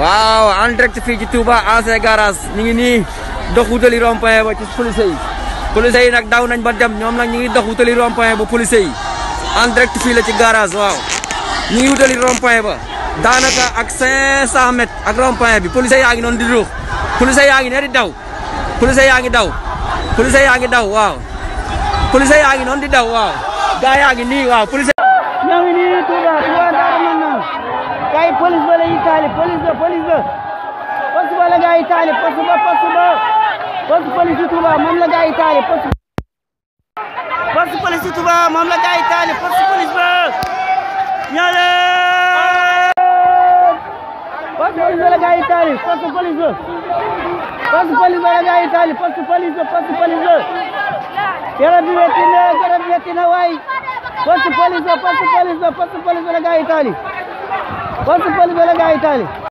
waaw en direct fii ci Touba ancien garage ñu ngi nii dox wutali rond-point ba ci police yi police nag daw nañ ba dem ñoom nag ñu ngi dox wutali rond-point ba police yi en la ci garage waaw ñu ngi wutali rond-point ba daanaka ak 500 mètres ak rond-point bi police yaa ngi noonu di ruux police yaa ngi ne di daw police yaa daw police yaa ngi daw waaw police yaa ngi noonu di daw waaw gaa yaa ngi nii waaw police yaa ngi nii Polizia, polizia. Posso legal Itália, posso bar, posso bar. Posso polizia tu bar, vamos legal Itália, posso. Posso polizia tu bar, vamos legal Itália, posso polizia. Yale! Posso polizia legal Itália, posso polizia. Posso polizia legal Itália, posso polizia, posso polizia. Quero vir aqui não, quero vir aqui não, ai. Posso polizia, posso polizia, posso polizia legal Itália. Posso pode ver legal, Itália?